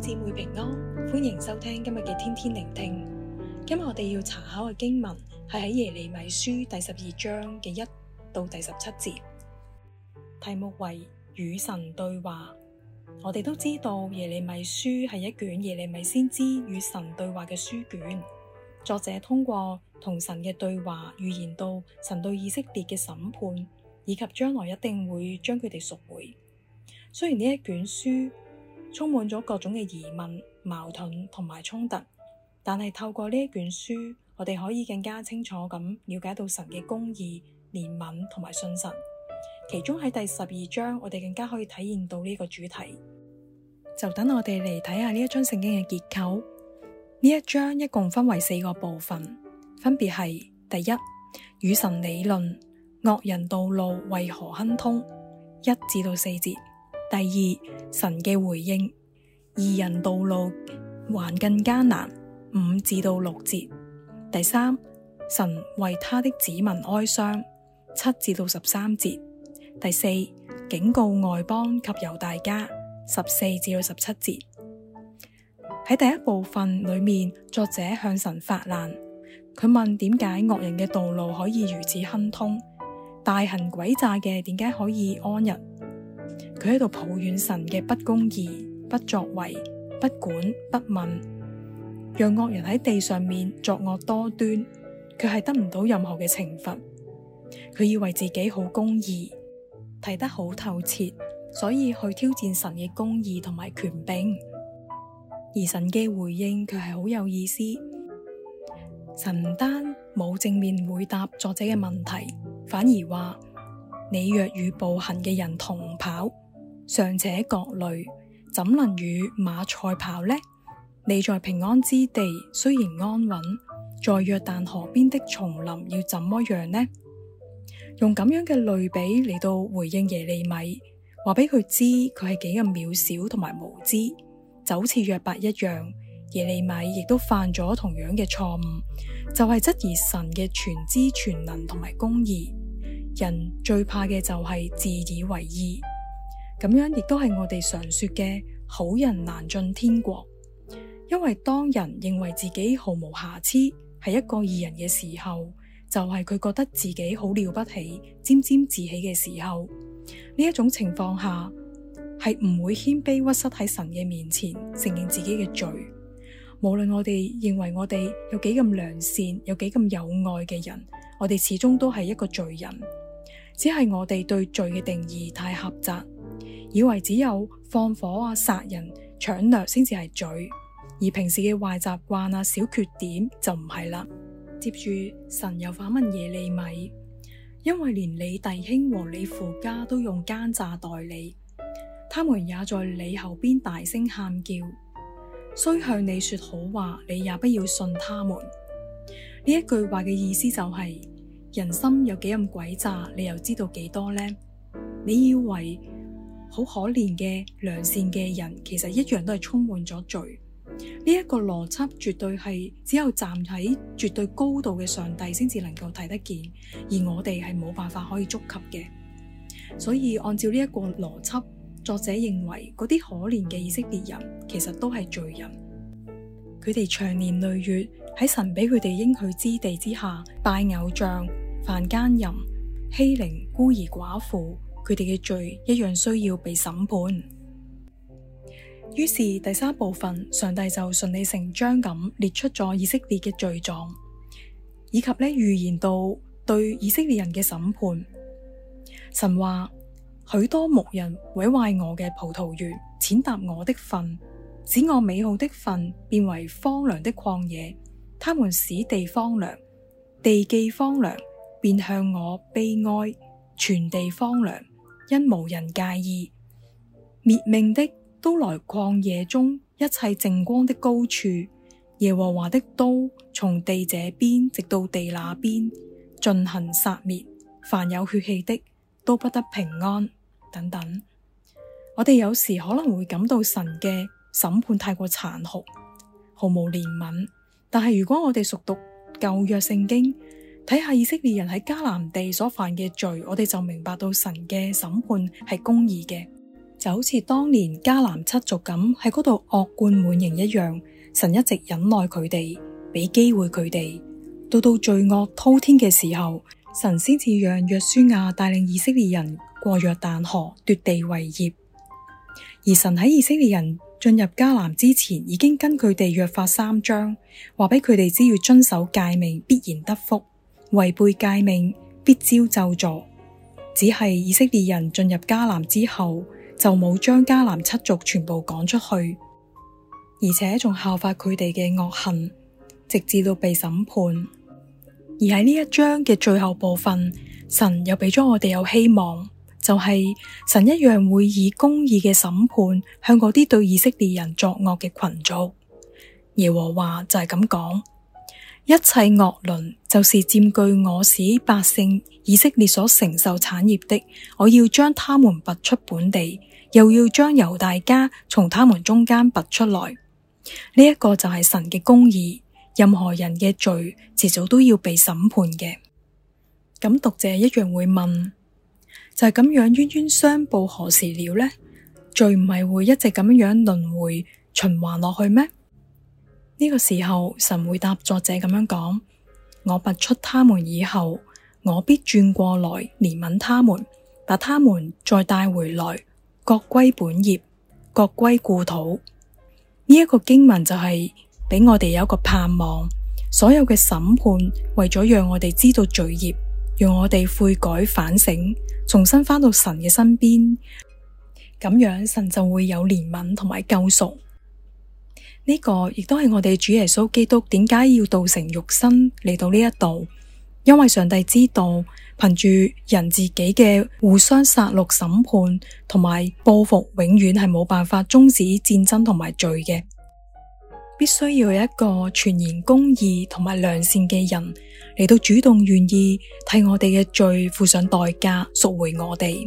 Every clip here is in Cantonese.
姊妹平安，歡迎收聽今日嘅天天聆聽。今日我哋要查考嘅經文係喺耶利米書第十二章嘅一到第十七節，題目為與神對話。我哋都知道耶利米書係一卷耶利米先知與神對話嘅書卷，作者通過同神嘅對話，預言到神對以色列嘅審判，以及將來一定會將佢哋贖回。雖然呢一卷書，充滿咗各種嘅疑問、矛盾同埋衝突，但係透過呢一卷書，我哋可以更加清楚咁了解到神嘅公義、憐憫同埋信實。其中喺第十二章，我哋更加可以體驗到呢個主題。就等我哋嚟睇下呢一章聖經嘅結構。呢一章一共分為四個部分，分別係第一，與神理論，惡人道路為何亨通，一至到四節。第二，神嘅回應，義人道路還更艱難，五至到六節。第三，神為他的子民哀傷，七至到十三節。第四，警告外邦及猶大家，十四至到十七節。喺第一部分裏面，作者向神發難，佢問點解惡人嘅道路可以如此亨通，大行詭詐嘅點解可以安逸。佢喺度抱怨神嘅不公義、不作為、不管、不問，讓惡人喺地上面作惡多端，佢係得唔到任何嘅懲罰。佢以為自己好公義，睇得好透徹，所以去挑戰神嘅公義同埋權柄。而神嘅回應卻係好有意思，神不但冇正面回答作者嘅問題，反而話：你若與步行嘅人同跑。尚且覺累，怎能與馬賽跑呢？你在平安之地雖然安穩，在約旦河邊的叢林要怎麼樣呢？用咁樣嘅類比嚟到回應耶利米，話俾佢知佢係幾咁渺小同埋無知，就好似約伯一樣，耶利米亦都犯咗同樣嘅錯誤，就係、是、質疑神嘅全知全能同埋公義。人最怕嘅就係自以為義。咁樣亦都係我哋常說嘅好人難進天國，因為當人認為自己毫無瑕疵，係一個義人嘅時候，就係、是、佢覺得自己好了不起，沾沾自喜嘅時候。呢一種情況下係唔會謙卑屈膝喺神嘅面前承認自己嘅罪。無論我哋認為我哋有幾咁良善，有幾咁有愛嘅人，我哋始終都係一個罪人，只係我哋對罪嘅定義太狹窄。以為只有放火啊、殺人、搶掠先至係罪，而平時嘅壞習慣啊、小缺點就唔係啦。接住神又反問耶利米因為連你弟兄和你父家都用奸詐待你，他們也在你後邊大聲喊叫，雖向你說好話，你也不要信他們。呢一句話嘅意思就係，人心有幾咁鬼詐，你又知道幾多呢？你以為？好可憐嘅良善嘅人，其實一樣都係充滿咗罪。呢一個邏輯絕對係只有站喺絕對高度嘅上帝先至能夠睇得見，而我哋係冇辦法可以觸及嘅。所以按照呢一個邏輯，作者認為嗰啲可憐嘅以色列人其實都係罪人，佢哋長年累月喺神俾佢哋應許之地之下拜偶像、犯姦淫、欺凌孤兒寡婦。佢哋嘅罪一樣需要被審判。於是，第三部分，上帝就順理成章咁列出咗以色列嘅罪狀，以及呢預言到對以色列人嘅審判。神話，許多牧人毀壞我嘅葡萄園，踐踏我的分，使我美好的分變為荒涼的曠野。他們使地荒涼，地既荒涼，便向我悲哀，全地荒涼。因無人介意，滅命的都來曠野中一切淨光的高處，耶和華的刀從地這邊直到地那邊盡行殺滅，凡有血氣的都不得平安。等等，我哋有時可能會感到神嘅審判太過殘酷，毫無憐憫。但係如果我哋熟讀舊約聖經，睇下以色列人喺迦南地所犯嘅罪，我哋就明白到神嘅審判係公義嘅，就好似當年迦南七族咁喺嗰度惡貫滿盈一樣。神一直忍耐佢哋，俾機會佢哋。到到罪惡滔天嘅時候，神先至讓約書亞帶領以色列人過約旦河奪地為業。而神喺以色列人進入迦南之前，已經跟佢哋約法三章，話俾佢哋知要遵守誡命，必然得福。違背誡命必遭咒詛。只係以色列人進入迦南之後，就冇將迦南七族全部趕出去，而且仲效法佢哋嘅惡行，直至到被審判。而喺呢一章嘅最後部分，神又俾咗我哋有希望，就係、是、神一樣會以公義嘅審判向嗰啲對以色列人作惡嘅群組。耶和華就係咁講。一切惡鄰，就是佔據我使百姓以色列所承受產業的，我要將他們拔出本地，又要將猶大家從他們中間拔出來。呢、這、一個就係神嘅公義，任何人嘅罪遲早都要被審判嘅。咁讀者一樣會問，就係、是、咁樣冤冤相報何時了呢？罪唔係會一直咁樣輪迴循環落去咩？呢個時候，神回答作者咁樣講：「我拔出他們以後，我必轉過來憐憫他們，把他們再帶回來，各歸本業，各歸故土。呢、這、一個經文就係、是、畀我哋有一個盼望，所有嘅審判為咗讓我哋知道罪孽，讓我哋悔改反省，重新翻到神嘅身邊，咁樣神就會有憐憫同埋救贖。呢個亦都係我哋主耶穌基督點解要道成肉身嚟到呢一度，因為上帝知道憑住人自己嘅互相殺戮、審判同埋報復，永遠係冇辦法終止戰爭同埋罪嘅，必須要有一個全然公義同埋良善嘅人嚟到主動願意替我哋嘅罪付上代價，贖回我哋，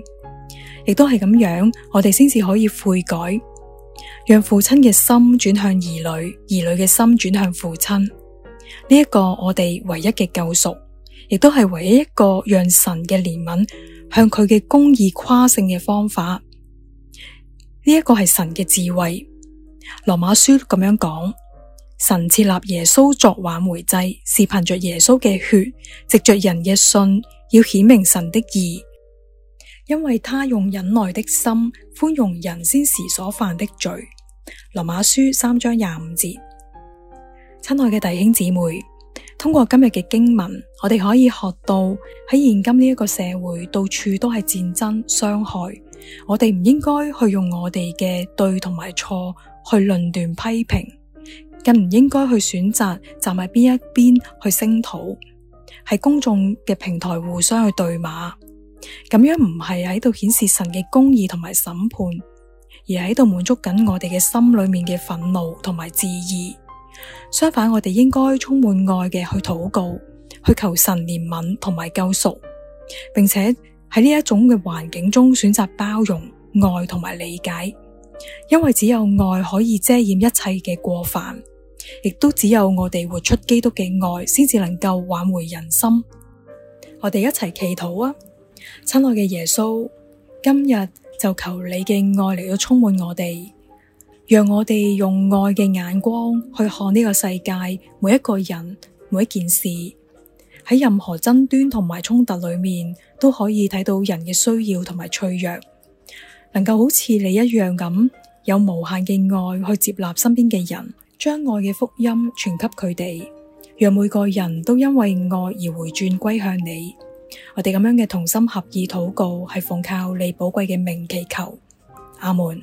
亦都係咁樣，我哋先至可以悔改。讓父親嘅心轉向兒女，兒女嘅心轉向父親，呢一個我哋唯一嘅救贖，亦都係唯一一個讓神嘅憐憫向佢嘅公義誇勝嘅方法。呢一個係神嘅智慧。羅馬書咁樣講：神設立耶穌作挽回祭，是憑着耶穌嘅血，藉着人嘅信，要顯明神的義。因為他用忍耐的心寬容人先時所犯的罪。羅馬書三章廿五節。親愛嘅弟兄姊妹，通過今日嘅經文，我哋可以學到喺現今呢一個社會，到處都係戰爭傷害。我哋唔應該去用我哋嘅對同埋錯去論斷批評，更唔應該去選擇站喺邊一邊去聲討，喺公眾嘅平台互相去對罵。咁樣唔係喺度顯示神嘅公義同埋審判，而係喺度滿足緊我哋嘅心裏面嘅憤怒同埋自疑。相反，我哋應該充滿愛嘅去禱告，去求神憐憫同埋救贖，並且喺呢一種嘅環境中選擇包容、愛同埋理解，因為只有愛可以遮掩一切嘅過犯，亦都只有我哋活出基督嘅愛，先至能夠挽回人心。我哋一齊祈禱啊！親愛嘅耶穌，今日就求你嘅愛嚟到充滿我哋，讓我哋用愛嘅眼光去看呢個世界，每一個人，每一件事，喺任何爭端同埋衝突裏面，都可以睇到人嘅需要同埋脆弱，能夠好似你一樣咁有無限嘅愛去接納身邊嘅人，將愛嘅福音傳給佢哋，讓每個人都因為愛而回轉歸向你。我哋咁樣嘅同心合意禱告，係奉靠你寶貴嘅名祈求，阿門。